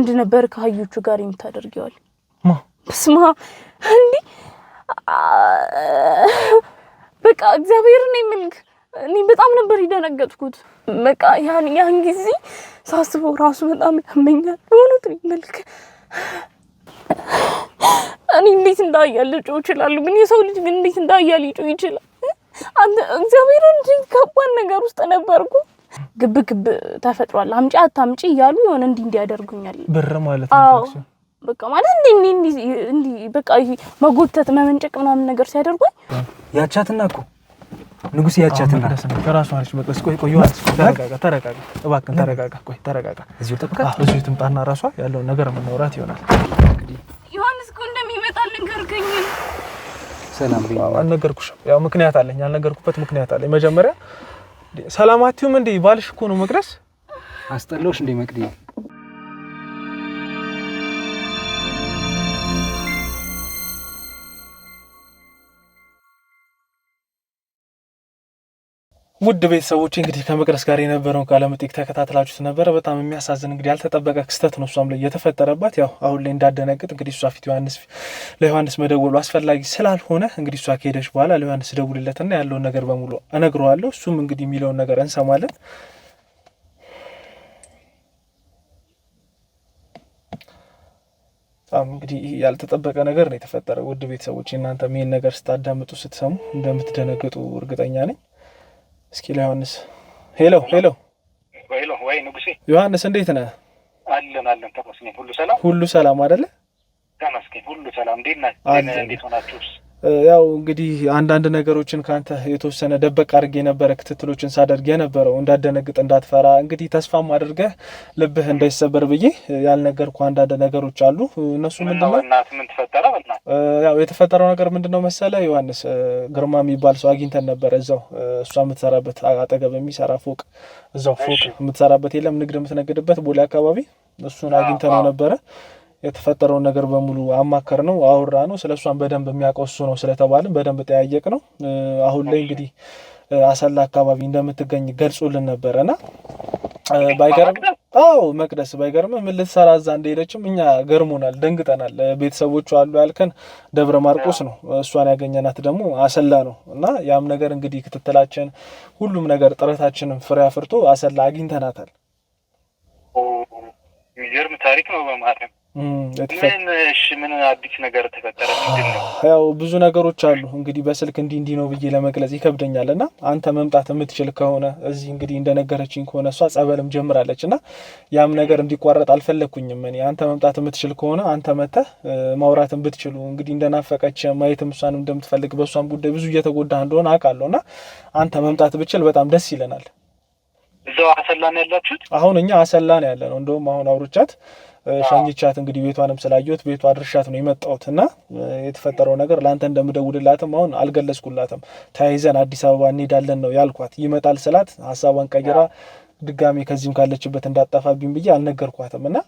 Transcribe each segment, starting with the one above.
ወንድ ነበር ከሀዮቹ ጋር የምታደርጊዋል? ስማ እንዲ በቃ እግዚአብሔር እግዚአብሔርን የምልክ እኔ በጣም ነበር የደነገጥኩት። በቃ ያን ያን ጊዜ ሳስበው ራሱ በጣም ያመኛል። በእውነት መልክ እኔ እንዴት እንዳያል ልጮ ይችላሉ። ግን የሰው ልጅ ግን እንዴት እንዳያል ጮ ይችላል? እግዚአብሔር እንጂ ከባድ ነገር ውስጥ ነበርኩ። ግብ ግብ ተፈጥሯል። አምጪ አታምጪ እያሉ የሆነ እንዲህ እንዲህ ያደርጉኛል። ብር ማለት ነው በቃ ማለት እንዲህ እንዲህ እንዲህ በቃ ይሄ መጎተት መመንጨቅ ምናምን ነገር ሲያደርጉኝ ያቻትና እኮ ንጉስ ያቻትና ከራሱ ቆይ ቆይ ተረጋጋ ተረጋጋ ተረጋጋ ቆይ ተረጋጋ ራሷ ያለውን ነገር የምናወራት ይሆናል ዮሐንስ ሰላም አልነገርኩሽም ያው ምክንያት አለኝ ያልነገርኩበት ምክንያት አለኝ መጀመሪያ ሰላማቲውም እንዴ? ባልሽ እኮ ነው መቅደስ። አስጠላሁሽ እንዴ መቅዲ? ውድ ቤተሰቦች እንግዲህ ከመቅደስ ጋር የነበረውን ቃለ መጠይቅ ተከታትላችሁት ነበረ። በጣም የሚያሳዝን እንግዲህ ያልተጠበቀ ክስተት ነው እሷም ላይ የተፈጠረባት። ያው አሁን ላይ እንዳደነግጥ እንግዲህ እሷ ፊት ዮሐንስ ለዮሐንስ መደወሉ አስፈላጊ ስላልሆነ እንግዲህ እሷ ከሄደች በኋላ ለዮሐንስ ደውልለትና ያለውን ነገር በሙሉ እነግረዋለሁ። እሱም እንግዲህ የሚለውን ነገር እንሰማለን። በጣም እንግዲህ ያልተጠበቀ ነገር ነው የተፈጠረ። ውድ ቤተሰቦች እናንተ ይህን ነገር ስታዳምጡ ስትሰሙ እንደምትደነግጡ እርግጠኛ ነኝ። እስኪ ለዮሐንስ ሄሎ ሄሎ ሄሎ፣ ወይ ንጉሴ ዮሐንስ እንዴት ነህ? አለን አለን፣ ተመስገን። ሁሉ ሰላም ሁሉ ሰላም አይደለ? ተመስገን፣ ሁሉ ሰላም። እንዴት ናችሁ? እንዴት ሆናችሁስ? ያው እንግዲህ አንዳንድ ነገሮችን ከአንተ የተወሰነ ደበቅ አድርጌ የነበረ ክትትሎችን ሳደርግ የነበረው እንዳደነግጥ እንዳትፈራ እንግዲህ ተስፋም አድርገህ ልብህ እንዳይሰበር ብዬ ያልነገርኩ አንዳንድ ነገሮች አሉ። እነሱ ምንድነው ያው የተፈጠረው ነገር ምንድነው መሰለ ዮሐንስ ግርማ የሚባል ሰው አግኝተን ነበረ። እዛው እሷ የምትሰራበት አጠገብ የሚሰራ ፎቅ እዛው ፎቅ የምትሰራበት የለም ንግድ የምትነግድበት ቦሌ አካባቢ እሱን አግኝተነው ነበረ። የተፈጠረውን ነገር በሙሉ አማከር ነው አውራ ነው ስለ እሷን በደንብ የሚያውቀው እሱ ነው ስለተባልን በደንብ ጠያየቅ ነው። አሁን ላይ እንግዲህ አሰላ አካባቢ እንደምትገኝ ገልጾልን ነበረ እና ባይገርም አዎ መቅደስ ባይገርም ምን ልትሰራ እዛ እንደሄደችም እኛ ገርሞናል፣ ደንግጠናል። ቤተሰቦቿ አሉ ያልከን ደብረ ማርቆስ ነው፣ እሷን ያገኘናት ደግሞ አሰላ ነው እና ያም ነገር እንግዲህ ክትትላችን፣ ሁሉም ነገር ጥረታችንም ፍሬ አፍርቶ አሰላ አግኝተናታል። የሚገርም ታሪክ ነው በማለት ምን አዲስ ነገር ተፈጠረ? ያው ብዙ ነገሮች አሉ እንግዲህ በስልክ እንዲህ እንዲህ ነው ብዬ ለመግለጽ ይከብደኛል እና አንተ መምጣት የምትችል ከሆነ እዚህ እንግዲህ እንደነገረችኝ ከሆነ እሷ ጸበልም ጀምራለች እና ያም ነገር እንዲቋረጥ አልፈለግኩኝም እኔ አንተ መምጣት የምትችል ከሆነ አንተ መተህ ማውራትን ብትችሉ እንግዲህ እንደናፈቀች ማየትም እሷን እንደምትፈልግ በእሷን ጉዳይ ብዙ እየተጎዳ እንደሆነ አውቃለሁ እና አንተ መምጣት ብችል በጣም ደስ ይለናል። እዛው አሰላ ነው ያላችሁት? አሁን እኛ አሰላ ነው ያለ ነው። እንደውም አሁን አውርቻት ሸኝቻት እንግዲህ ቤቷንም ስላየሁት ቤቷ ድርሻት ነው የመጣሁት እና የተፈጠረው ነገር ለአንተ እንደምደውልላትም አሁን አልገለጽኩላትም። ተያይዘን አዲስ አበባ እንሄዳለን ነው ያልኳት። ይመጣል ስላት ሀሳቧን ቀይራ ድጋሜ ከዚህም ካለችበት እንዳጠፋብኝ ብዬ አልነገርኳትም እና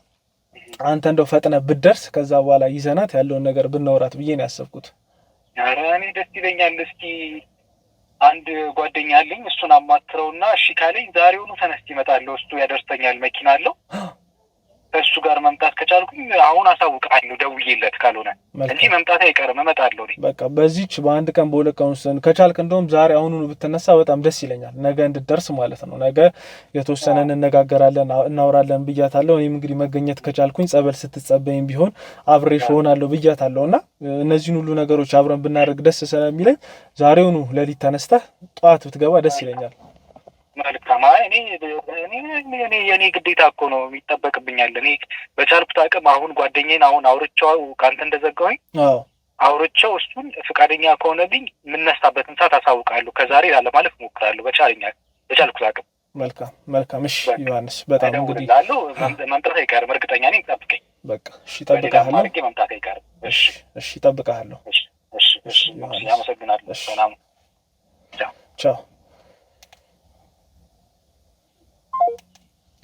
አንተ እንደው ፈጥነ ብደርስ ከዛ በኋላ ይዘናት ያለውን ነገር ብናወራት ብዬ ነው ያሰብኩት። ኧረ እኔ ደስ ይለኛል። እስኪ አንድ ጓደኛ አለኝ እሱን አማክረውና እሺ ካለኝ ዛሬውኑ ተነስቼ እመጣለሁ። እሱ ያደርሰኛል፣ መኪና አለው ከእሱ ጋር መምጣት ከቻልኩኝ አሁን አሳውቃለሁ ደውዬለት፣ ካልሆነ እንጂ መምጣት አይቀርም እመጣለሁ። በቃ በዚች በአንድ ቀን በሁለት ቀን ውስጥ ከቻልክ እንደውም ዛሬ አሁኑኑ ብትነሳ በጣም ደስ ይለኛል። ነገ እንድደርስ ማለት ነው። ነገ የተወሰነ እንነጋገራለን፣ እናውራለን ብያታለሁ። እኔም እንግዲህ መገኘት ከቻልኩኝ ጸበል ስትጸበይም ቢሆን አብሬሽ እሆናለሁ ብያታለሁ እና እነዚህን ሁሉ ነገሮች አብረን ብናደርግ ደስ ስለሚለኝ ዛሬውኑ ሌሊት ተነስተህ ጠዋት ብትገባ ደስ ይለኛል። መልካም እኔ እኔ የእኔ ግዴታ እኮ ነው የሚጠበቅብኛል። እኔ በቻልኩት አቅም አሁን ጓደኛዬን አሁን አውርቼው ከአንተ እንደዘጋሁኝ አውርቼው እሱን ፈቃደኛ ከሆነልኝ የምነሳበትን ሰዓት አሳውቃለሁ። ከዛሬ ላለማለፍ እሞክራለሁ በቻልኛ በቻልኩት አቅም። መልካም መልካም። እሺ ዮሐንስ፣ በጣም እንግዲህ መምጣት አይቀርም። እርግጠኛ ነኝ። ጠብቀኝ በቃ። እሺ ጠብቃለሁ። መምጣት አይቀርም። እሺ እሺ፣ ጠብቃለሁ። እሺ እሺ። አመሰግናለሁ። ሰላም። ቻው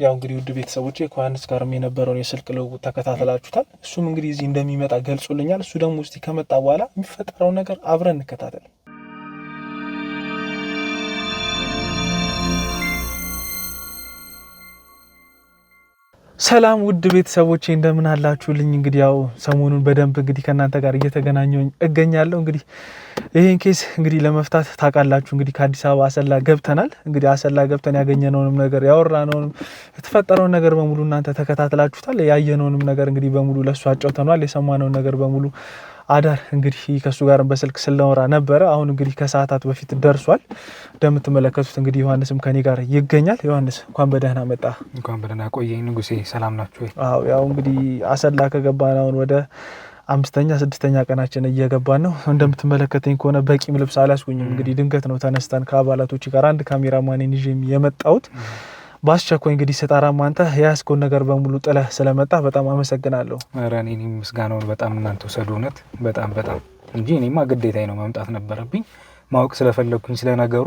ያው እንግዲህ ውድ ቤተሰቦች ከዮሐንስ ጋርም የነበረውን የስልክ ልውውጥ ተከታተላችሁታል። እሱም እንግዲህ እዚህ እንደሚመጣ ገልጾልኛል። እሱ ደግሞ ውስጥ ከመጣ በኋላ የሚፈጠረውን ነገር አብረን እንከታተል። ሰላም ውድ ቤተሰቦቼ እንደምን አላችሁልኝ? እንግዲህ ያው ሰሞኑን በደንብ እንግዲህ ከእናንተ ጋር እየተገናኘው እገኛለሁ። እንግዲህ ይህን ኬስ እንግዲህ ለመፍታት ታውቃላችሁ እንግዲህ ከአዲስ አበባ አሰላ ገብተናል። እንግዲህ አሰላ ገብተን ያገኘነውንም ነገር ያወራነውንም የተፈጠረውን ነገር በሙሉ እናንተ ተከታትላችሁታል። ያየነውንም ነገር እንግዲህ በሙሉ ለእሱ አጫውተነዋል። የሰማነውን ነገር በሙሉ አዳር እንግዲህ ከእሱ ጋር በስልክ ስለወራ ነበረ። አሁን እንግዲህ ከሰዓታት በፊት ደርሷል። እንደምትመለከቱት እንግዲህ ዮሐንስም ከኔ ጋር ይገኛል። ዮሐንስ እንኳን በደህና መጣ። እንኳን በደህና ቆየኝ ንጉሴ። ሰላም ናችሁ? አዎ ያው እንግዲህ አሰላ ከገባን አሁን ወደ አምስተኛ ስድስተኛ ቀናችን እየገባን ነው። እንደምትመለከተኝ ከሆነ በቂም ልብስ አላስጎኝም እንግዲህ ድንገት ነው ተነስተን ከአባላቶች ጋር አንድ ካሜራማን ይዤ የመጣሁት በአስቸኳይ እንግዲህ ስጠራም አንተ የያዝከውን ነገር በሙሉ ጥለህ ስለመጣ በጣም አመሰግናለሁ። ኧረ እኔ ምስጋናውን በጣም እናንተ ውሰዱ። እውነት በጣም በጣም እንጂ እኔማ ግዴታዬ ነው መምጣት ነበረብኝ። ማወቅ ስለፈለግኩኝ ስለነገሩ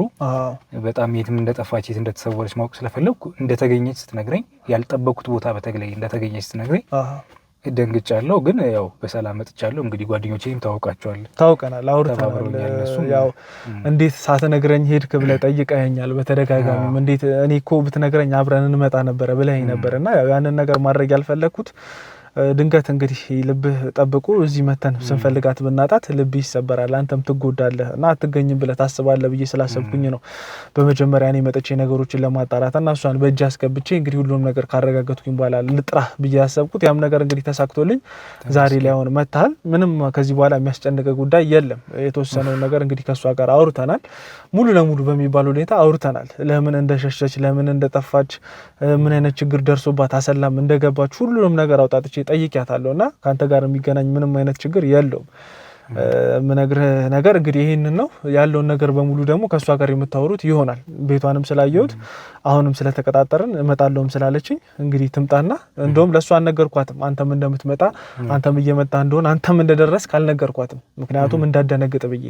በጣም የትም እንደጠፋች የት እንደተሰወረች ማወቅ ስለፈለግኩ እንደተገኘች ስትነግረኝ ያልጠበቅኩት ቦታ በተግላይ እንደተገኘች ስትነግረኝ ደንግጫለሁ፣ ግን ያው በሰላም መጥቻለሁ። እንግዲህ ጓደኞቼም ታውቃቸዋል፣ ታውቀናል፣ አውርተናል። ያው እንዴት ሳትነግረኝ ሄድክ ብለህ ጠይቀኸኛል በተደጋጋሚም። እንዴት እኔ እኮ ብትነግረኝ አብረን እንመጣ ነበረ ብለኸኝ ነበር እና ያንን ነገር ማድረግ ያልፈለግኩት ድንገት እንግዲህ ልብህ ጠብቁ እዚህ መተን ስንፈልጋት ብናጣት ልብ ይሰበራል፣ አንተም ትጎዳለህ እና አትገኝም ብለህ ታስባለህ ብዬ ስላሰብኩኝ ነው በመጀመሪያ እኔ መጥቼ ነገሮችን ለማጣራት እና እሷን በእጅ አስገብቼ እንግዲህ ሁሉም ነገር ካረጋገጥኩኝ በኋላ ልጥራ ብዬ ያሰብኩት። ያም ነገር እንግዲህ ተሳክቶልኝ ዛሬ ላይ አሁን ምንም ከዚህ በኋላ የሚያስጨንቀ ጉዳይ የለም። የተወሰነውን ነገር እንግዲህ ከእሷ ጋር አውርተናል፣ ሙሉ ለሙሉ በሚባል ሁኔታ አውርተናል። ለምን እንደሸሸች፣ ለምን እንደጠፋች፣ ምን አይነት ችግር ደርሶባት አሰላም እንደገባች ሁሉንም ነገር አውጣጥቼ ጠይቂያታለሁ እና ከአንተ ጋር የሚገናኝ ምንም አይነት ችግር የለውም የምነግርህ ነገር እንግዲህ ይህንን ነው ያለውን ነገር በሙሉ ደግሞ ከእሷ ጋር የምታወሩት ይሆናል። ቤቷንም ስላየሁት አሁንም ስለተቀጣጠርን እመጣለሁም ስላለችኝ እንግዲህ ትምጣና እንደውም ለእሷ አልነገርኳትም። አንተም እንደምትመጣ አንተም እየመጣ እንደሆን አንተም እንደደረስክ አልነገርኳትም። ምክንያቱም እንዳደነግጥ ብዬ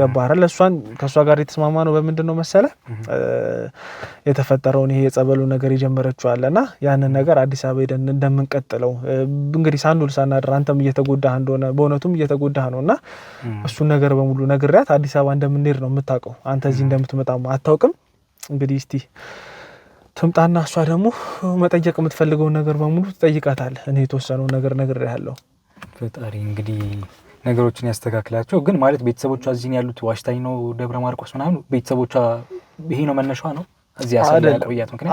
ገባረ ለእሷን ከእሷ ጋር የተስማማ ነው። በምንድን ነው መሰለ የተፈጠረውን ይሄ የጸበሉ ነገር የጀመረችዋል ያንን ነገር አዲስ አበባ ሄደን እንደምንቀጥለው እንግዲህ ሳንውል ሳናድር አንተም እየተጎዳህ እንደሆነ በእውነቱም እየተጎዳህ ነው እና እሱን ነገር በሙሉ ነግሪያት አዲስ አበባ እንደምንሄድ ነው የምታውቀው። አንተ እዚህ እንደምትመጣ አታውቅም። እንግዲህ እስቲ ትምጣና እሷ ደግሞ መጠየቅ የምትፈልገውን ነገር በሙሉ ትጠይቃታለህ። እኔ የተወሰነውን ነገር ነግሬያለሁ። ፈጣሪ እንግዲህ ነገሮችን ያስተካክላቸው። ግን ማለት ቤተሰቦቿ እዚህ ያሉት ዋሽታኝ ነው ደብረ ማርቆስ ምናምን ቤተሰቦቿ ይሄ ነው መነሻ ነው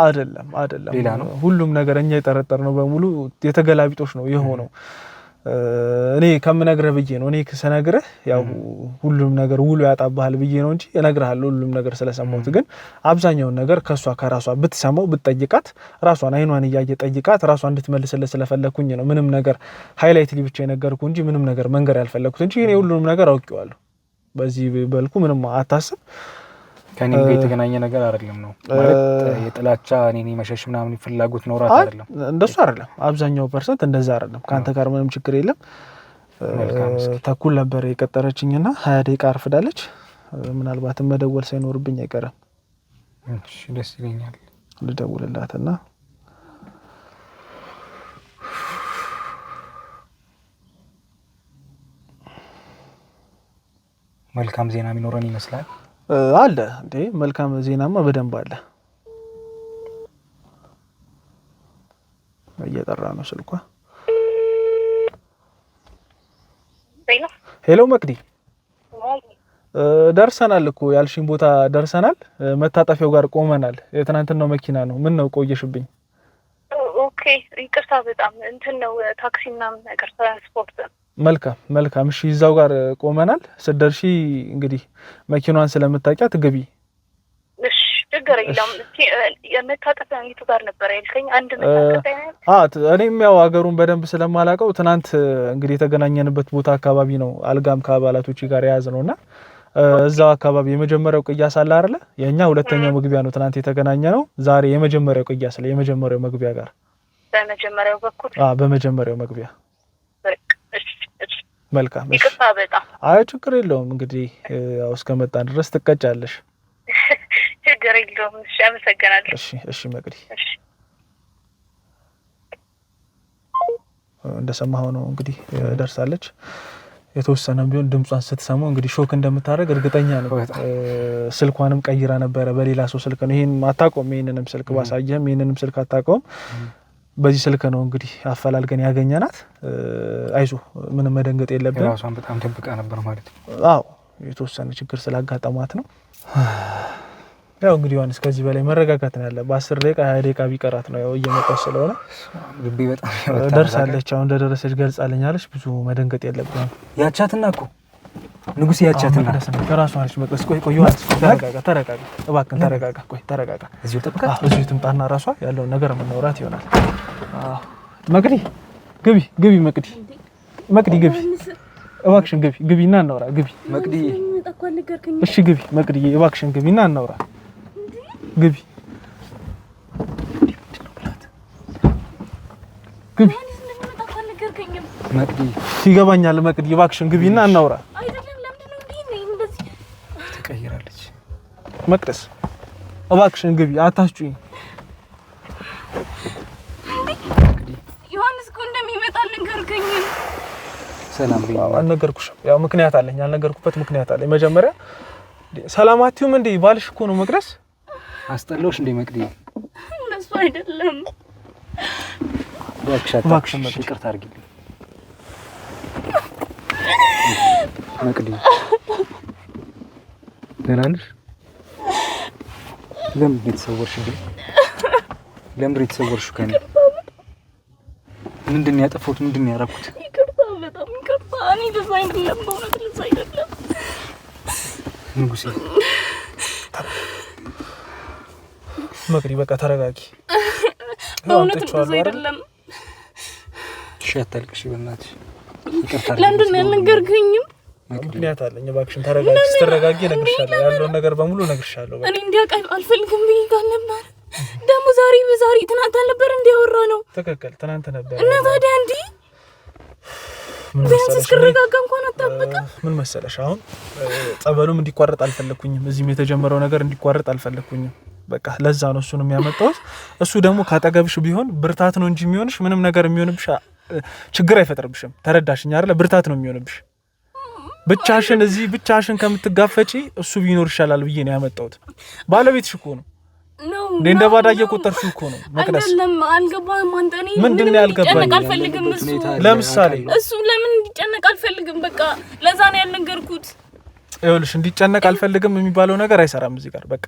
አይደለም አይደለም። ሁሉም ነገር እኛ የጠረጠር ነው በሙሉ የተገላቢጦች ነው የሆነው። እኔ ከምነግርህ ብዬ ነው። እኔ ስነግርህ ያው ሁሉም ነገር ውሎ ያጣብሃል ብዬ ነው እንጂ እነግርሃለሁ ሁሉም ነገር ስለሰማሁት። ግን አብዛኛውን ነገር ከእሷ ከራሷ ብትሰማው ብትጠይቃት፣ ራሷን አይኗን እያየ ጠይቃት፣ ራሷ እንድትመልስልህ ስለፈለግኩኝ ነው ምንም ነገር ሃይላይት ብቻ የነገርኩ እንጂ ምንም ነገር መንገር ያልፈለግኩት እንጂ እኔ ሁሉንም ነገር አውቄዋለሁ። በዚህ በልኩ ምንም አታስብ። ከኔ ጋር የተገናኘ ነገር አይደለም ነው ማለት የጥላቻ እኔ መሸሽ ምናምን ፍላጎት ኖራት አይደለም፣ እንደሱ አይደለም። አብዛኛው ፐርሰንት እንደዛ አይደለም። ከአንተ ጋር ምንም ችግር የለም። ተኩል ነበር የቀጠረችኝ እና ሀያ ደቂቃ አርፍዳለች። ምናልባትም መደወል ሳይኖርብኝ አይቀርም። ደስ ይለኛል። መልካም ዜና የሚኖረን ይመስላል። አለ እንዴ? መልካም ዜናማ በደንብ አለ። እየጠራ ነው ስልኳ። ሄሎ መቅዲ፣ ደርሰናል እኮ ያልሽኝ ቦታ ደርሰናል። መታጠፊያው ጋር ቆመናል። የትናንትናው መኪና ነው። ምን ነው ቆየሽብኝ? ኦኬ፣ ይቅርታ በጣም እንትን ነው ታክሲ ምናምን ነገር ትራንስፖርት። መልካም መልካም። እሺ፣ እዛው ጋር ቆመናል። ስደርሺ እንግዲህ መኪናዋን ስለምታውቂያት ግቢ እኔም ያው ሀገሩን በደንብ ስለማላውቀው ትናንት እንግዲህ የተገናኘንበት ቦታ አካባቢ ነው አልጋም ከአባላቶች ጋር የያዝ ነው እና እዛው አካባቢ የመጀመሪያው ቅያስ አለ አይደለ? የእኛ ሁለተኛው መግቢያ ነው ትናንት የተገናኘ ነው። ዛሬ የመጀመሪያው ቅያስ ላይ የመጀመሪያው መግቢያ ጋር በመጀመሪያው በኩል በመጀመሪያው መግቢያ መልካም። አይ፣ ችግር የለውም እንግዲህ ያው እስከመጣን ድረስ ትቀጫለሽ። ችግር የለውም። እሺ፣ አመሰግናለሁ። እሺ፣ እሺ። መቅዲ እንደሰማኸው ነው እንግዲህ ደርሳለች። የተወሰነ ቢሆን ድምጿን ስትሰማው እንግዲህ ሾክ እንደምታደርግ እርግጠኛ ነው። ስልኳንም ቀይራ ነበረ፣ በሌላ ሰው ስልክ ነው። ይህን አታውቀውም። ይህንንም ስልክ ባሳየህም ይህንንም ስልክ አታውቀውም። በዚህ ስልክ ነው እንግዲህ አፈላልገን ያገኘናት። አይዞ ምንም መደንገጥ የለብን። ራሷን በጣም ደብቃ ነበር ማለት ነው። አዎ የተወሰነ ችግር ስላጋጠማት ነው። ያው እንግዲህ ዮሐንስ ከዚህ በላይ መረጋጋት ነው ያለ። በአስር ደቂቃ ሀያ ደቂቃ ቢቀራት ነው ያው እየመጣች ስለሆነ ደርሳለች። አሁን እንደደረሰች ገልጻለኛለች። ብዙ መደንገጥ የለብንም። ያቻትና እኮ ንጉሴ ያቻትና ከራሱ አለች መቅደስ። ቆይ ቆይ ዮሐንስ ተረጋጋ፣ ተረጋጋ፣ እባክህን ተረጋጋ። ቆይ ተረጋጋ። እዚሁ ጠብቃት፣ እዚሁ ትምጣና ራሷ ያለውን ነገር የምናወራት ይሆናል። መቅዲ ግቢ፣ ግቢ፣ መቅዲ፣ መቅዲ ግቢ፣ እባክሽን ግቢ፣ ግቢና እናውራ። ግቢ መቅዲ፣ እሺ ግቢ፣ መቅዲ፣ እባክሽን ግቢና እናውራ። ግቢ ግቢ። ይገባኛል። መቅዲ እባክሽን ግቢና እናውራ። ትቀይራለች። መቅደስ እባክሽን ግቢ፣ አታስጩኝ። ዮሐንስ እኮ እንደሚመጣ አልነገርከኝም። ሰላም አልነገርኩሽም። ያው ምክንያት አለኝ። ያልነገርኩበት ምክንያት አለኝ። መጀመሪያ ሰላም እንዴ? ባልሽ እኮ ነው መቅደስ አስጠላሁሽ እንዴ መቅዲ? እንደሱ አይደለም። እባክሽ ይቅርታ አድርጊልኝ መቅዲ። ደህና ነሽ? ለምንድን የተሰወርሽ እንዴ? ለምንድን የተሰወርሽ ከእኔ? ምንድን ያጠፋሁት? ምንድን ያደረኩት? በጣም ንጉሴ መቅዲ በቃ ተረጋጊ። በእውነት እንደዛ አይደለም። እሺ አታልቅሽ፣ በእናትሽ ለምንድን ነው ያልነገርከኝም? ምክንያት አለኝ። እባክሽን ተረጋጊ። ስትረጋጊ እነግርሻለሁ፣ ያለውን ነገር በሙሉ እነግርሻለሁ። እኔ እንዲያውቅ አልፈልግም ብዬ ጋር ነበር። ደግሞ ዛሬ በዛሬ ትናንት አልነበር እንዲያወራ ነው። ትክክል፣ ትናንት ነበር እና ታዲያ እንዲህ ቢያንስ እስክረጋጋ እንኳን አታበቅም። ምን መሰለሽ፣ አሁን ጸበሉም እንዲቋረጥ አልፈለግኩኝም፣ እዚህም የተጀመረው ነገር እንዲቋረጥ አልፈለግኩኝም። በቃ ለዛ ነው እሱን የሚያመጣሁት። እሱ ደግሞ ካጠገብሽ ቢሆን ብርታት ነው እንጂ የሚሆንሽ ምንም ነገር የሚሆንብሽ ችግር አይፈጥርብሽም። ተረዳሽኝ አይደለ? ብርታት ነው የሚሆንብሽ። ብቻሽን እዚህ ብቻሽን ከምትጋፈጪ እሱ ቢኖር ይሻላል ብዬ ነው ያመጣውት ባለቤትሽ እኮ ነው እንደ ባዳ እየቆጠርሽው እኮ ነው መቅደስ። ምንድን ነው ያልገባኝ? ለምሳሌ እሱ ለምን እንዲጨነቅ አልፈልግም። በቃ ለዛ ነው ያልነገርኩት ይኸውልሽ እንዲጨነቅ አልፈልግም የሚባለው ነገር አይሰራም። እዚህ ጋር በቃ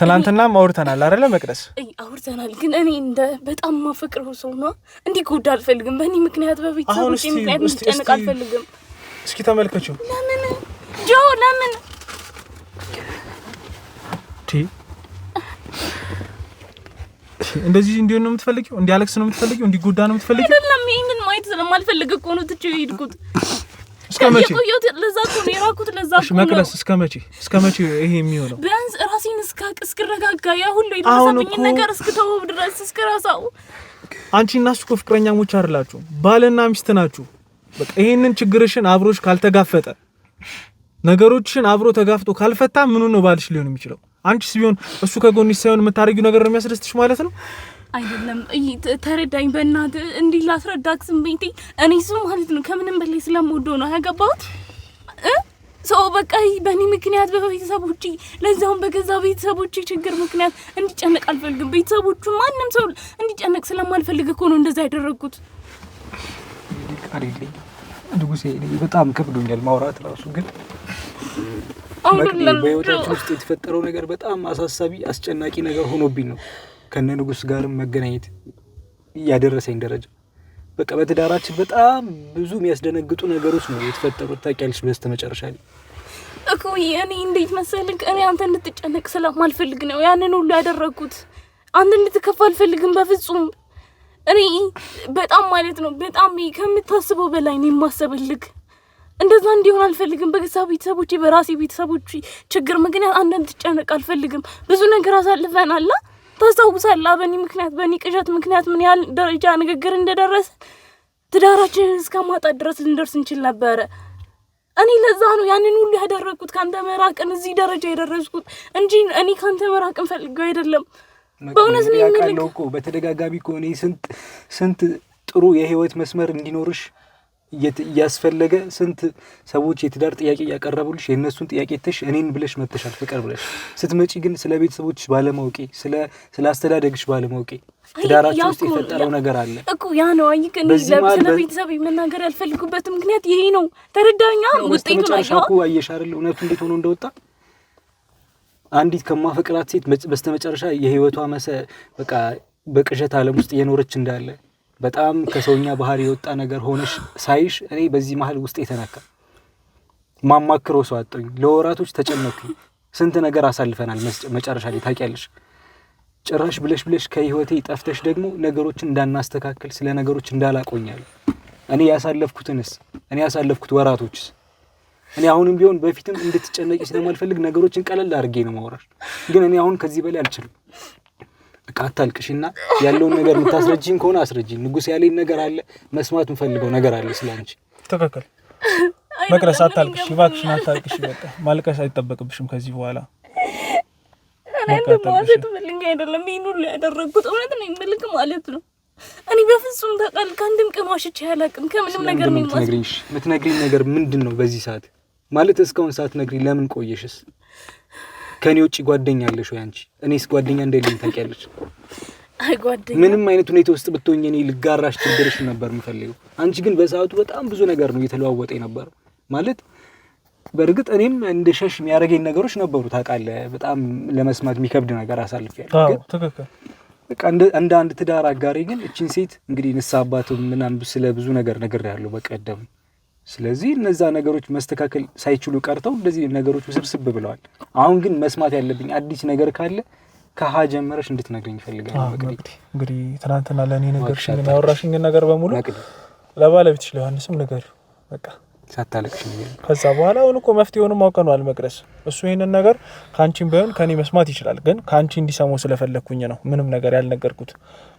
ትናንትናም አውርተናል አይደለ? መቅደስ አውርተናል። ግን እኔ እንደ በጣም ማፈቅረው ሰው ነው እንዲጎዳ አልፈልግም። በእኔ ምክንያት በቤተሰቦቼ ምክንያት እንዲጨነቅ አልፈልግም። እስኪ ተመልከችው። ለምን ጆ ለምን እንደዚህ እንዲሆን ነው የምትፈልጊው? እንዲያለቅስ ነው የምትፈልጊው? እንዲጎዳ ነው የምትፈልጊው? አይደለም። ይህንን ማየት ስለማልፈልግ እኮ ነው ትቼው የሄድኩት። እስከ መቼ ቆየሁት? ለዛ እኮ ነው የራኩት። ለዛ መቅደስ። እስከ መቼ እስከ መቼ ይሄ የሚሆነው? ቢያንስ ራሴን እስክረጋጋ ያ ሁሉ የደረሰብኝ ነገር ድረስ አንቺ እና እሱ እኮ ፍቅረኛሞች አይደላችሁም፣ ባልና ሚስት ናችሁ። በቃ ይሄንን ችግርሽን አብሮሽ ካልተጋፈጠ ነገሮችሽን አብሮ ተጋፍጦ ካልፈታ ምኑ ነው ባልሽ ሊሆን የሚችለው? አንቺስ ቢሆን እሱ ከጎንሽ ሳይሆን የምታደርጊው ነገር ነው የሚያስደስትሽ ማለት ነው። አይደለም ተረዳኝ፣ በእናትህ እንዲህ ላስረዳክ። ዝም እኔ እሱ ማለት ነው ከምንም በላይ ስለምወደው ነው ያገባሁት። ሰው በቃ በእኔ ምክንያት በቤተሰቦቼ ለዛውም በገዛ ቤተሰቦቼ ችግር ምክንያት እንዲጨነቅ አልፈልግም። ቤተሰቦቹ ማንም ሰው እንዲጨነቅ ስለማልፈልግ እኮ ነው እንደዛ ያደረጉት ንጉሴ በጣም ከብዶኛል ማውራት ራሱ ግን በህይወታችን ውስጥ የተፈጠረው ነገር በጣም አሳሳቢ አስጨናቂ ነገር ሆኖብኝ ነው ከነ ንጉስ ጋርም መገናኘት ያደረሰኝ ደረጃ በቃ በትዳራችን በጣም ብዙ የሚያስደነግጡ ነገሮች ነው የተፈጠሩት። ታውቂያለሽ በስተ መጨረሻ ላይ እኮ እኔ እንዴት መሰልክ፣ እኔ አንተ እንድትጨነቅ ስለማልፈልግ ነው ያንን ሁሉ ያደረግኩት። አንተ እንድትከፋ አልፈልግም በፍጹም። እኔ በጣም ማለት ነው በጣም ከምታስበው በላይ ነው የማሰብልክ። እንደዛ እንዲሆን አልፈልግም። በገዛ ቤተሰቦቼ በራሴ ቤተሰቦቼ ችግር ምክንያት አንተ እንድትጨነቅ አልፈልግም። ብዙ ነገር አሳልፈናል። ታስታውሳላ በእኔ ምክንያት በእኔ ቅዠት ምክንያት ምን ያህል ደረጃ ንግግር እንደደረሰ ትዳራችንን እስከ ማጣት ድረስ ልንደርስ እንችል ነበረ። እኔ ለዛ ነው ያንን ሁሉ ያደረግኩት ከአንተ መራቅን እዚህ ደረጃ የደረስኩት እንጂ እኔ ከአንተ መራቅን ፈልገው አይደለም። በእውነት ነው የምልህ። በተደጋጋሚ ከሆነ ስንት ስንት ጥሩ የህይወት መስመር እንዲኖርሽ እያስፈለገ ስንት ሰዎች የትዳር ጥያቄ እያቀረቡልሽ የእነሱን ጥያቄ ትሽ እኔን ብለሽ መተሻል ፍቅር ብለሽ ስትመጪ ግን ስለ ቤተሰቦች ባለማውቄ ስለ አስተዳደግሽ ባለማውቄ ትዳራችሁ ውስጥ የፈጠረው ነገር አለ እኮ ያ ነው። አይ ግን ስለ ቤተሰብ መናገር ያልፈልጉበት ምክንያት ይሄ ነው። ተረዳኛ ውጤቱ ነው። አየሽ አይደል እውነቱ እንዴት ሆኖ እንደወጣ አንዲት ከማፈቅራት ሴት በስተመጨረሻ የህይወቷ መሰ በቃ በቅዠት አለም ውስጥ እየኖረች እንዳለ በጣም ከሰውኛ ባህሪ የወጣ ነገር ሆነሽ ሳይሽ እኔ በዚህ መሀል ውስጥ የተነካ ማማክረው ሰው አጣኝ። ለወራቶች ተጨነኩ። ስንት ነገር አሳልፈናል። መጨረሻ ላይ ታውቂያለሽ። ጭራሽ ብለሽ ብለሽ ከህይወቴ ጠፍተሽ ደግሞ ነገሮችን እንዳናስተካከል ስለ ነገሮች እንዳላቆኛል እኔ ያሳለፍኩትንስ እኔ ያሳለፍኩት ወራቶችስ እኔ አሁንም ቢሆን በፊትም እንድትጨነቂ ስለማልፈልግ ነገሮችን ቀለል አድርጌ ነው ማውራሽ። ግን እኔ አሁን ከዚህ በላይ አልችልም። በቃ አታልቅሽና ያለውን ነገር የምታስረጅኝ ከሆነ አስረጅኝ። ንጉስ ያለኝ ነገር አለ፣ መስማት የምፈልገው ነገር አለ ስለ አንቺ። ትክክል መቅረስ፣ አታልቅሽ እባክሽን፣ አታልቅሽ። በቃ ማልቀስ አይጠበቅብሽም ከዚህ በኋላ እኔ እንደማውሰድ ፈልጌ አይደለም ይህን ሁሉ ያደረግኩት፣ እውነት ነው የምልክ ማለት ነው። እኔ በፍጹም ታውቃለህ፣ ከአንድም ቀን ዋሽቼ አላውቅም። ከምንም ነገር ነው የምትነግሪኝ ነገር ምንድን ነው በዚህ ሰዓት ማለት እስካሁን ሰዓት ነግሪኝ። ለምን ቆየሽስ? ከእኔ ውጭ ጓደኛ አለሽ ወይ አንቺ? እኔስ ጓደኛ እንደሌለኝ ታውቂያለሽ። ምንም አይነት ሁኔታ ውስጥ ብትሆኝ እኔ ልጋራሽ ችግርሽ ነበር የምፈልገው። አንቺ ግን በሰዓቱ በጣም ብዙ ነገር ነው እየተለዋወጠ የነበረው ማለት በእርግጥ እኔም እንደ ሸሽ የሚያደርገኝ ነገሮች ነበሩ ታውቃለህ። በጣም ለመስማት የሚከብድ ነገር አሳልፌያለሁ። እንደ አንድ ትዳር አጋሪ ግን እቺን ሴት እንግዲህ ንስሓ አባትም ምናምን ስለ ብዙ ነገር ነግሬያለሁ በቀደም ስለዚህ እነዛ ነገሮች መስተካከል ሳይችሉ ቀርተው እንደዚህ ነገሮች ውስብስብ ብለዋል። አሁን ግን መስማት ያለብኝ አዲስ ነገር ካለ ከሀ ጀምረሽ እንድትነግረኝ ይፈልጋል። እንግዲህ ትናንትና ለእኔ ነገርሽኝ ያወራሽኝን ነገር በሙሉ ለባለቤትሽ ለዮሐንስም ነገር በቃ ሳታለቅሽ። ከዛ በኋላ አሁን እኮ መፍትሄውንም አውቀነዋል። መቅደስ እሱ ይህንን ነገር ከአንቺን ባይሆን ከእኔ መስማት ይችላል፣ ግን ከአንቺ እንዲሰማው ስለፈለግኩኝ ነው ምንም ነገር ያልነገርኩት።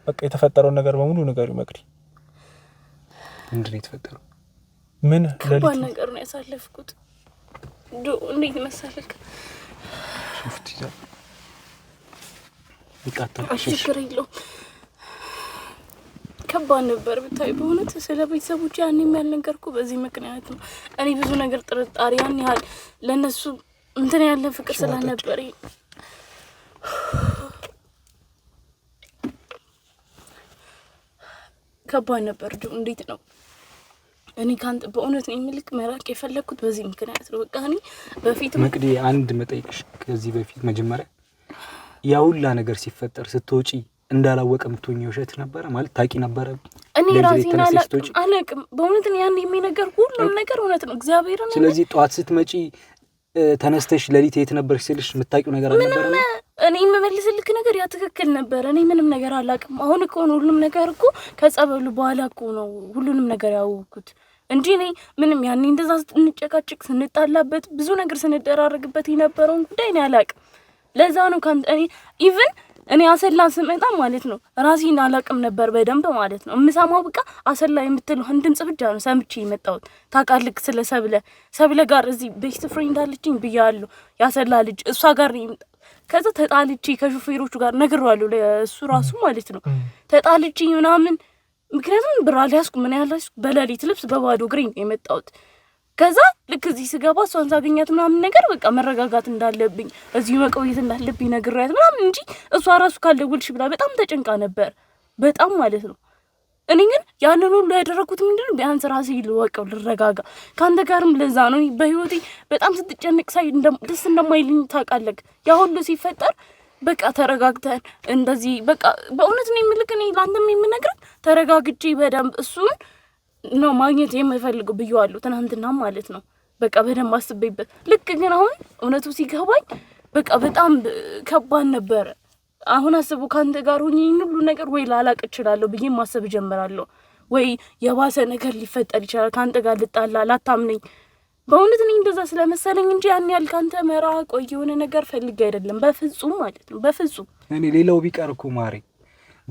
በቃ የተፈጠረውን ነገር በሙሉ ንገሪው መቅዲ። ምንድን ነው የተፈጠረው? ምን ከባድ ነገር ነው ያሳለፍኩት። እንዴት መሳለክ ሶፍት ይዛ ይቃጠል ችግር የለውም። ከባድ ነበር ብታይ። በእውነት ስለ ቤተሰቦች ያን የሚያልነገርኩ በዚህ ምክንያት ነው። እኔ ብዙ ነገር ጥርጣሬ ያን ያህል ለእነሱ እንትን ያለ ፍቅር ስላልነበር ከባድ ነበር። እንዴት ነው እኔ ከአንተ በእውነት ነው የምልክ መራቅ የፈለግኩት በዚህ ምክንያት ነው። በቃ እኔ በፊት መቅዲ አንድ መጠይቅሽ ከዚህ በፊት መጀመሪያ ያ ሁላ ነገር ሲፈጠር ስትወጪ እንዳላወቀ የምትሆኝ ውሸት ነበረ ማለት ታቂ ነበረ። እኔ ራሴን አላቅም በእውነት ነው ያን የሚነገር ሁሉም ነገር እውነት ነው እግዚአብሔር። ስለዚህ ጠዋት ስትመጪ ተነስተሽ ሌሊት የት ነበርሽ ስልሽ የምታውቂው ነገር አልነበረ። እኔ የምመልስልክ ነገር ያ ትክክል ነበር። እኔ ምንም ነገር አላቅም። አሁን እኮ ሁሉም ነገር እኮ ከጸበሉ በኋላ እኮ ነው ሁሉንም ነገር ያወኩት። እንጂ እኔ ምንም ያኔ እንደዛ ስንጨቃጭቅ ስንጣላበት ብዙ ነገር ስንደራረግበት የነበረውን ጉዳይ እኔ አላቅም። ለዛ ነው እኔ ኢቭን እኔ አሰላ ስመጣ ማለት ነው ራሴን አላቅም ነበር በደንብ ማለት ነው የምሰማው። ብቃ አሰላ የምትለውን ድምጽ ብቻ ነው ሰምቼ የመጣሁት። ታውቃለህ፣ ስለ ሰብለ ሰብለ ጋር እዚህ ቤስት ፍሬንድ አለችኝ ብያለሁ። ያሰላ ልጅ እሷ ጋር ነው ከዛ ተጣልቼ ከሹፌሮቹ ጋር ነግሬዋለሁ። ለእሱ ራሱ ማለት ነው ተጣልቼ ምናምን ምክንያቱም ብር አልያዝኩም ምን ያህል በሌሊት ልብስ በባዶ እግሬ ነው የመጣሁት። ከዛ ልክ እዚህ ስገባ እሷን ሳገኛት ምናምን ነገር በቃ መረጋጋት እንዳለብኝ እዚሁ መቆየት እንዳለብኝ ነግሬያት ምናምን እንጂ እሷ ራሱ ካልደወልሽ ብላ በጣም ተጨንቃ ነበር፣ በጣም ማለት ነው። እኔ ግን ያንን ሁሉ ያደረግኩት ምንድነው ቢያንስ ራሴ ልወቀው ልረጋጋ። ከአንተ ጋርም ለዛ ነው በህይወቴ በጣም ስትጨንቅ ሳይ ደስ እንደማይልኝ ታውቃለህ። ያ ሁሉ ሲፈጠር በቃ ተረጋግተን እንደዚህ በቃ በእውነት ነው የምልክ እኔ ለአንተም የምነግረን ተረጋግቼ በደንብ እሱን ነው ማግኘት የምፈልገው ብዬዋለሁ። ትናንትና ማለት ነው በቃ በደንብ አስቤበት ልክ ግን አሁን እውነቱ ሲገባኝ በቃ በጣም ከባድ ነበረ። አሁን አስቡ ከአንተ ጋር ሆኜ ሁሉ ነገር ወይ ላላቅ እችላለሁ ብዬ ማሰብ እጀምራለሁ፣ ወይ የባሰ ነገር ሊፈጠር ይችላል፣ ከአንተ ጋር ልጣላ፣ ላታምነኝ በእውነት እኔ እንደዛ ስለመሰለኝ እንጂ ያን ያህል ካንተ መራቅ ወይ የሆነ ነገር ፈልጌ አይደለም፣ በፍጹም ማለት ነው፣ በፍጹም እኔ ሌላው ቢቀር እኮ ማሬ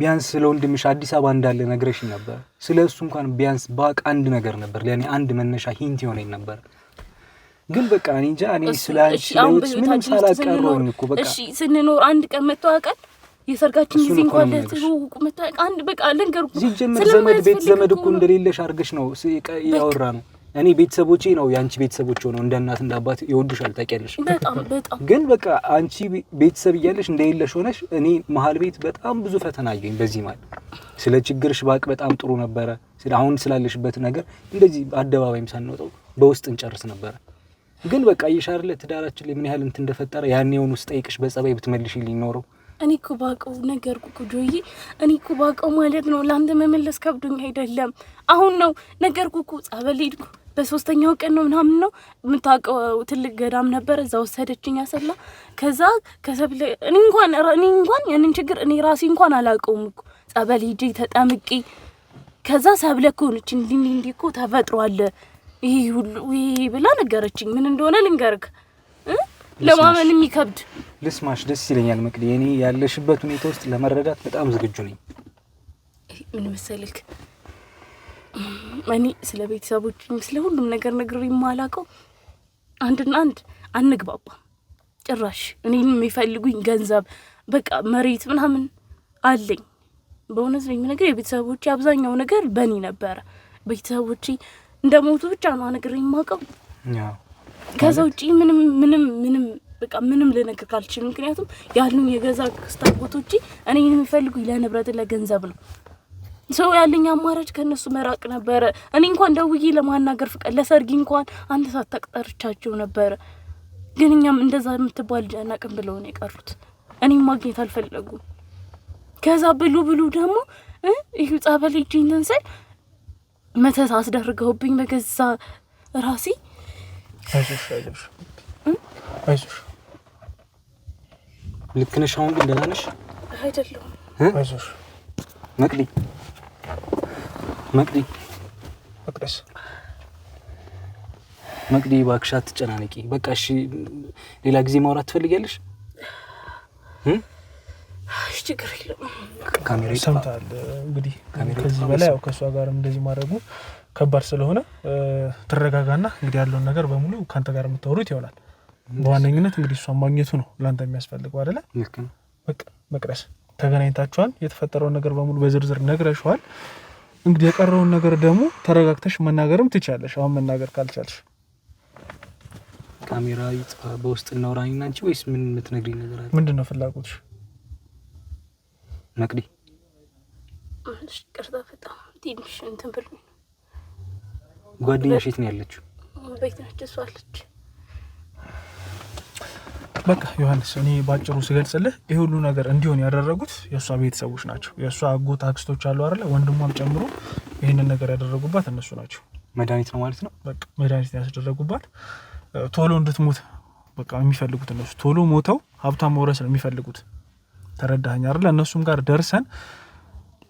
ቢያንስ ስለ ወንድምሽ አዲስ አበባ እንዳለ ነግረሽ ነበር። ስለ እሱ እንኳን ቢያንስ ባቅ አንድ ነገር ነበር ለእኔ አንድ መነሻ ሂንት የሆነኝ ነበር። ግን በቃ እኔ እንጃ እኔ ስለ አንቺ ምንም ሳላቀረውኝ እኮ በቃ እሺ፣ ስንኖር አንድ ቀን መተዋቀል የሰርጋችን ጊዜ እንኳን ለትውውቁ መታወቅ አንድ በቃ ልንገርኩ፣ ሲጀምር ዘመድ ቤት ዘመድ እኮ እንደሌለሽ አድርገሽ ነው ያወራ ነው እኔ ቤተሰቦቼ ነው የአንቺ ቤተሰቦች ሆነው እንደ እናት እንደ አባት ይወዱሻል፣ ታውቂያለሽ። ግን በቃ አንቺ ቤተሰብ እያለሽ እንደሌለሽ ሆነሽ እኔ መሀል ቤት በጣም ብዙ ፈተና አየኝ። በዚህ ማለት ስለ ችግርሽ ባቅ በጣም ጥሩ ነበረ። አሁን ስላለሽበት ነገር እንደዚህ አደባባይም ሳንወጣው በውስጥ እንጨርስ ነበረ። ግን በቃ የሻርለ ትዳራችን ላይ ምን ያህል እንትን እንደፈጠረ ያኔውን ውስጥ ጠይቅሽ በጸባይ ብትመልሽ ሊኖረው እኔ እኮ ባውቀው ነገር ቁቁ ጆዬ፣ እኔ እኮ ባውቀው ማለት ነው ለአንተ መመለስ ከብዶኝ አይደለም። አሁን ነው ነገር ቁቁ ጸበል ሄድኩ በሶስተኛው ቀን ነው ምናምን ነው የምታውቀው፣ ትልቅ ገዳም ነበር። እዛ ወሰደችኝ አሰላ። ከዛ ከሰብለ እኔ እንኳን እኔ እንኳን ያንን ችግር እኔ ራሴ እንኳን አላውቀውም እኮ ጸበል ሂጄ ተጠምቄ። ከዛ ሰብለ እኮ ሆነች እንዲህ እንዲህ እኮ ተፈጥሯል ይሄ ሁሉ ይሄ ብላ ነገረችኝ። ምን እንደሆነ ልንገርክ ለማመን የሚከብድ ልስማሽ፣ ደስ ይለኛል መቅዲ። እኔ ያለሽበት ሁኔታ ውስጥ ለመረዳት በጣም ዝግጁ ነኝ። ምን መሰልክ፣ እኔ ስለ ቤተሰቦች ስለ ሁሉም ነገር ነግሬ የማላውቀው አንድና አንድ አንግባባ ጭራሽ እኔን የሚፈልጉኝ ገንዘብ በቃ መሬት ምናምን አለኝ። በእውነት ነው ነገር የቤተሰቦቼ አብዛኛው ነገር በእኔ ነበረ። ቤተሰቦቼ እንደ ሞቱ ብቻ ነው ነግሬ የማውቀው። ከዛ ውጪ ምንም ምንም ምንም በቃ ምንም ልነግርህ አልችልም። ምክንያቱም ያሉኝ የገዛ ክስታቦቶች እኔ የሚፈልጉ ለንብረት ለገንዘብ ነው። ሰው ያለኝ አማራጭ ከእነሱ መራቅ ነበረ። እኔ እንኳን ደውዬ ለማናገር ፍቃድ ለሰርጊ እንኳን አንተ ተቅጠርቻቸው ነበረ። ግን እኛም እንደዛ የምትባል ልጅ አናቅም የቀሩት። እኔም ማግኘት አልፈለጉም። ከዛ ብሉ ብሉ ደግሞ ይህ ጸበል ሂጅ ስል መተት አስደርገውብኝ በገዛ ራሴ አይዞሽ። ልክ ነሽ። አሁን ግን ደህና ነሽ አይደለሁም? አይዞሽ መቅዲ፣ መቅዲ፣ መቅደስ፣ መቅዲ እባክሽ አትጨናነቂ። በቃ እሺ፣ ሌላ ጊዜ ማውራት ትፈልጊያለሽ? ችግር የለውም። ካሜራ ይሰምታል። እንግዲህ ከዚህ በላይ ያው ከእሷ ጋርም እንደዚህ ማድረጉ ከባድ ስለሆነ ትረጋጋና እንግዲህ ያለውን ነገር በሙሉ ከአንተ ጋር የምታወሩት ይሆናል። በዋነኝነት እንግዲህ እሷን ማግኘቱ ነው ለአንተ የሚያስፈልገው አደለ? መቅረስ መቅደስ ተገናኝታችኋል። የተፈጠረውን ነገር በሙሉ በዝርዝር ነግረሸዋል። እንግዲህ የቀረውን ነገር ደግሞ ተረጋግተሽ መናገርም ትችላለሽ። አሁን መናገር ካልቻልሽ ካሜራ ይጥፋ፣ በውስጥ እናውራኝ ናንቺ ወይስ ምን የምትነግሪኝ ነገር አለ? ምንድን ነው ፍላጎትሽ? መቅዲ ቅርታ በጣም ትንሽ እንትን ብር ጓደኛሽ የት ነው ያለችው? ቤት ነች። እሷ አለች። በቃ ዮሐንስ፣ እኔ ባጭሩ ስገልጽልህ ይህ ሁሉ ነገር እንዲሆን ያደረጉት የእሷ ቤተሰቦች ናቸው። የእሷ አጎት አክስቶች አሉ አለ ወንድሟም ጨምሮ ይህንን ነገር ያደረጉባት እነሱ ናቸው። መድኃኒት ነው ማለት ነው። በቃ መድኃኒት ያስደረጉባት። ቶሎ እንድትሞት በቃ የሚፈልጉት እነሱ ቶሎ ሞተው ሀብቷን መውረስ ነው የሚፈልጉት። ተረዳኸኝ አለ እነሱም ጋር ደርሰን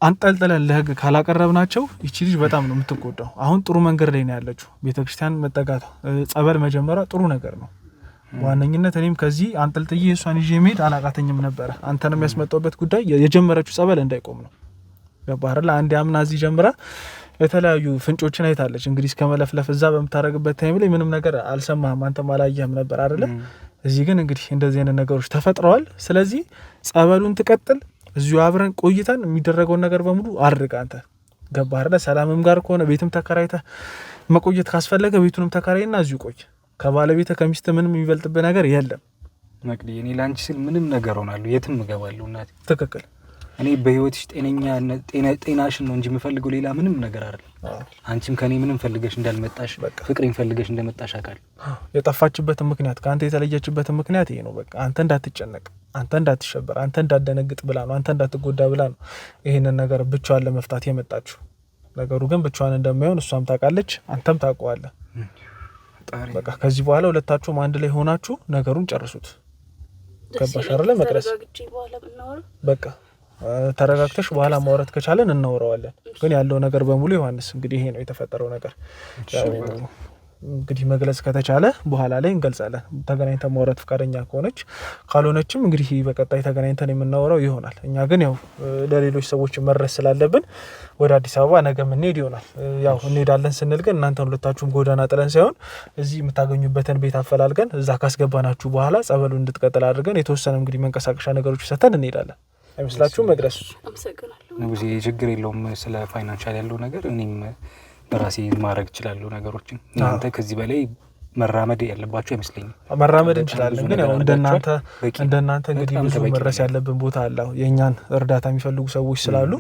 አንጠልጥለን ለህግ ካላቀረብናቸው ይቺ ልጅ በጣም ነው የምትጎዳው። አሁን ጥሩ መንገድ ላይ ነው ያለችው። ቤተክርስቲያን መጠጋት፣ ጸበል መጀመሪያ ጥሩ ነገር ነው። ዋነኝነት እኔም ከዚህ አንጠልጥዬ እሷን ይዤ መሄድ አላቃተኝም ነበረ። አንተን የሚያስመጣውበት ጉዳይ የጀመረችው ጸበል እንዳይቆም ነው። ገባህ? አንድ አምና እዚህ ጀምራ የተለያዩ ፍንጮችን አይታለች። እንግዲህ እስከ መለፍለፍ እዛ በምታደርግበት ታይም ላይ ምንም ነገር አልሰማህም፣ አንተም አላየህም ነበር አይደለም። እዚህ ግን እንግዲህ እንደዚህ አይነት ነገሮች ተፈጥረዋል። ስለዚህ ጸበሉን ትቀጥል እዚሁ አብረን ቆይተን የሚደረገውን ነገር በሙሉ አድርግ አንተ ገባ አለ። ሰላምም ጋር ከሆነ ቤትም ተከራይተ መቆየት ካስፈለገ ቤቱንም ተከራይና እዚሁ ቆይ። ከባለቤተ ከሚስት ምንም የሚበልጥብህ ነገር የለም። መቅዲ፣ እኔ ለአንቺ ስል ምንም ነገር ሆናለሁ፣ የትም እገባለሁ። እናቴ ትክክል እኔ በህይወትሽ ጤናሽን ነው እንጂ የምፈልገው ሌላ ምንም ነገር አይደለም። አንቺም ከኔ ምንም ፈልገሽ እንዳልመጣሽ ፍቅሬን ፈልገሽ እንደመጣሽ አውቃለሁ። የጠፋችበትን ምክንያት ከአንተ የተለየችበትን ምክንያት ይሄ ነው። በቃ አንተ እንዳትጨነቅ፣ አንተ እንዳትሸበር፣ አንተ እንዳደነግጥ ብላ ነው፣ አንተ እንዳትጎዳ ብላ ነው ይህንን ነገር ብቻዋን ለመፍታት የመጣችሁ። ነገሩ ግን ብቻዋን እንደማይሆን እሷም ታውቃለች፣ አንተም ታውቀዋለህ። በቃ ከዚህ በኋላ ሁለታችሁም አንድ ላይ ሆናችሁ ነገሩን ጨርሱት። ገባሽ አይደለ? መቅረስ በቃ ተረጋግተሽ በኋላ ማውራት ከቻለን እናውረዋለን። ግን ያለው ነገር በሙሉ ዮሐንስ፣ እንግዲህ ይሄ ነው የተፈጠረው ነገር። እንግዲህ መግለጽ ከተቻለ በኋላ ላይ እንገልጻለን፣ ተገናኝተን ማውራት ፈቃደኛ ከሆነች። ካልሆነችም እንግዲህ በቀጣይ ተገናኝተን የምናወራው ይሆናል። እኛ ግን ያው ለሌሎች ሰዎች መድረስ ስላለብን ወደ አዲስ አበባ ነገ ምንሄድ ይሆናል። ያው እንሄዳለን ስንል ግን እናንተን ሁለታችሁም ጎዳና ጥለን ሳይሆን እዚህ የምታገኙበትን ቤት አፈላልገን እዛ ካስገባናችሁ በኋላ ጸበሉ እንድትቀጥል አድርገን የተወሰነ እንግዲህ መንቀሳቀሻ ነገሮች ሰተን እንሄዳለን። አይመስላችሁ መድረስ ንጉዜ ችግር የለውም። ስለ ፋይናንሻል ያለው ነገር እኔም በራሴ ማድረግ እችላለሁ ነገሮችን። እናንተ ከዚህ በላይ መራመድ ያለባቸው አይመስለኝም። መራመድ እንችላለን፣ ግን ያው እንደናንተ እንደናንተ እንግዲህ ብዙ መድረስ ያለብን ቦታ አለ። የእኛን እርዳታ የሚፈልጉ ሰዎች ስላሉ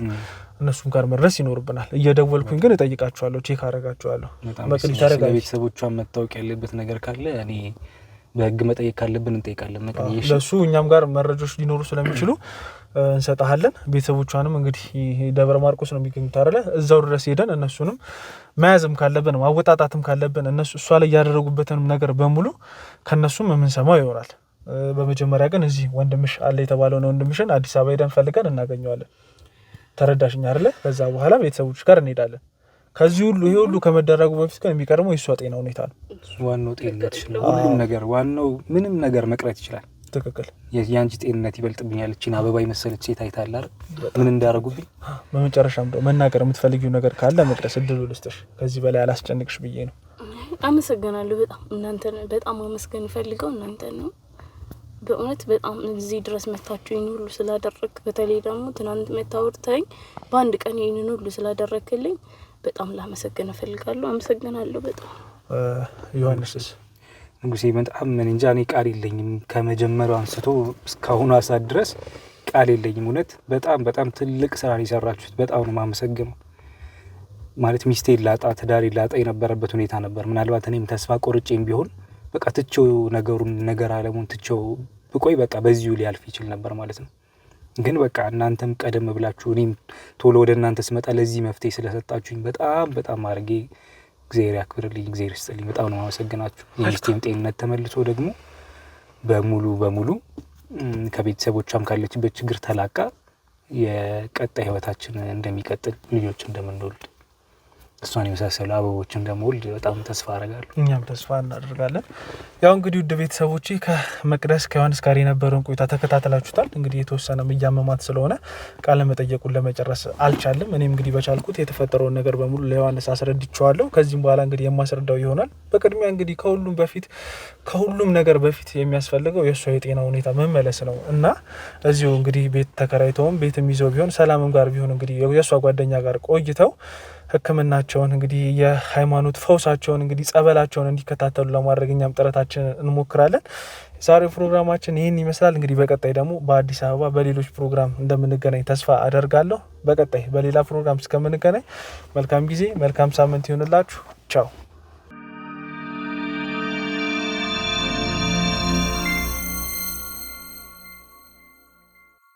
እነሱም ጋር መድረስ ይኖርብናል። እየደወልኩኝ ግን እጠይቃችኋለሁ፣ ቼክ አደርጋችኋለሁ። ቤተሰቦቿን መታወቅ ያለበት ነገር ካለ እኔ በህግ መጠየቅ ካለብን እንጠይቃለን። ለእሱ እኛም ጋር መረጃዎች ሊኖሩ ስለሚችሉ እንሰጠሃለን። ቤተሰቦቿንም እንግዲህ ደብረ ማርቆስ ነው የሚገኙት አለ እዛው ድረስ ሄደን እነሱንም መያዝም ካለብን ማወጣጣትም ካለብን እነሱ እሷ ላይ ያደረጉበትንም ነገር በሙሉ ከእነሱም የምንሰማው ይሆናል። በመጀመሪያ ግን እዚህ ወንድምሽ አለ የተባለውን ወንድምሽን አዲስ አበባ ሄደን ፈልገን እናገኘዋለን። ተረዳሽኝ አለ። ከዛ በኋላ ቤተሰቦች ጋር እንሄዳለን። ከዚህ ሁሉ ይሄ ሁሉ ከመደረጉ በፊት ግን የሚቀድመው የእሷ ጤና ሁኔታ ነው። ዋናው ጤንነትሽ ነው። ሁሉም ነገር ዋናው ምንም ነገር መቅረት ይችላል ትክክል የአንቺ ጤንነት ይበልጥብኛል። እችን አበባ የመሰለች ሴት አይታላር ምን እንዳደረጉብኝ። በመጨረሻም ደው መናገር የምትፈልጊው ነገር ካለ መቅደስ እድሉ ልስጥሽ፣ ከዚህ በላይ አላስጨንቅሽ ብዬ ነው። አመሰግናለሁ። በጣም እናንተ በጣም አመስገን ፈልገው እናንተ ነው በእውነት በጣም እዚህ ድረስ መታችሁ ይህን ሁሉ ስላደረግ፣ በተለይ ደግሞ ትናንት መታወርተኝ በአንድ ቀን ይህንን ሁሉ ስላደረግክልኝ በጣም ላመሰግን እፈልጋለሁ። አመሰግናለሁ በጣም ዮሐንስስ ንጉሴ በጣም ምን እንጃ እኔ ቃል የለኝም። ከመጀመሪያው አንስቶ እስካሁኑ አሳት ድረስ ቃል የለኝም። እውነት በጣም በጣም ትልቅ ስራ የሰራችሁት በጣም ነው የማመሰግነው። ማለት ሚስቴ ላጣ ትዳሪ ላጣ የነበረበት ሁኔታ ነበር። ምናልባት እኔም ተስፋ ቆርጬም ቢሆን በቃ ትቼው ነገሩን ነገር አለሙን ትቼው ብቆይ በቃ በዚሁ ሊያልፍ ይችል ነበር ማለት ነው። ግን በቃ እናንተም ቀደም ብላችሁ እኔም ቶሎ ወደ እናንተ ስመጣ ለዚህ መፍትሄ ስለሰጣችሁኝ በጣም በጣም አድርጌ እግዚአብሔር ያክብርልኝ፣ እግዚአብሔር ይስጥልኝ። በጣም ነው ማመሰግናችሁ። የሚስቴም ጤንነት ተመልሶ ደግሞ በሙሉ በሙሉ ከቤተሰቦቿም ካለችበት ችግር ተላቃ የቀጣይ ህይወታችን እንደሚቀጥል ልጆች እንደምንወልድ እሷን የመሳሰሉ አበቦችን እንደመውልድ በጣም ተስፋ አረጋለሁ። እኛም ተስፋ እናደርጋለን። ያው እንግዲህ ውድ ቤተሰቦች ከመቅደስ ከዮሐንስ ጋር የነበረውን ቆይታ ተከታተላችሁታል። እንግዲህ የተወሰነ እያመማት ስለሆነ ቃለ መጠየቁን ለመጨረስ አልቻልም። እኔም እንግዲህ በቻልኩት የተፈጠረውን ነገር በሙሉ ለዮሐንስ አስረድቸዋለሁ ከዚህም በኋላ እንግዲህ የማስረዳው ይሆናል። በቅድሚያ እንግዲህ ከሁሉም በፊት ከሁሉም ነገር በፊት የሚያስፈልገው የእሷ የጤና ሁኔታ መመለስ ነው እና እዚሁ እንግዲህ ቤት ተከራይተውም ቤትም ይዘው ቢሆን ሰላምም ጋር ቢሆን እንግዲህ የእሷ ጓደኛ ጋር ቆይተው ሕክምናቸውን እንግዲህ የሃይማኖት ፈውሳቸውን እንግዲህ ጸበላቸውን እንዲከታተሉ ለማድረግ እኛም ጥረታችንን እንሞክራለን። ዛሬው ፕሮግራማችን ይህን ይመስላል። እንግዲህ በቀጣይ ደግሞ በአዲስ አበባ በሌሎች ፕሮግራም እንደምንገናኝ ተስፋ አደርጋለሁ። በቀጣይ በሌላ ፕሮግራም እስከምንገናኝ መልካም ጊዜ፣ መልካም ሳምንት ይሆንላችሁ። ቻው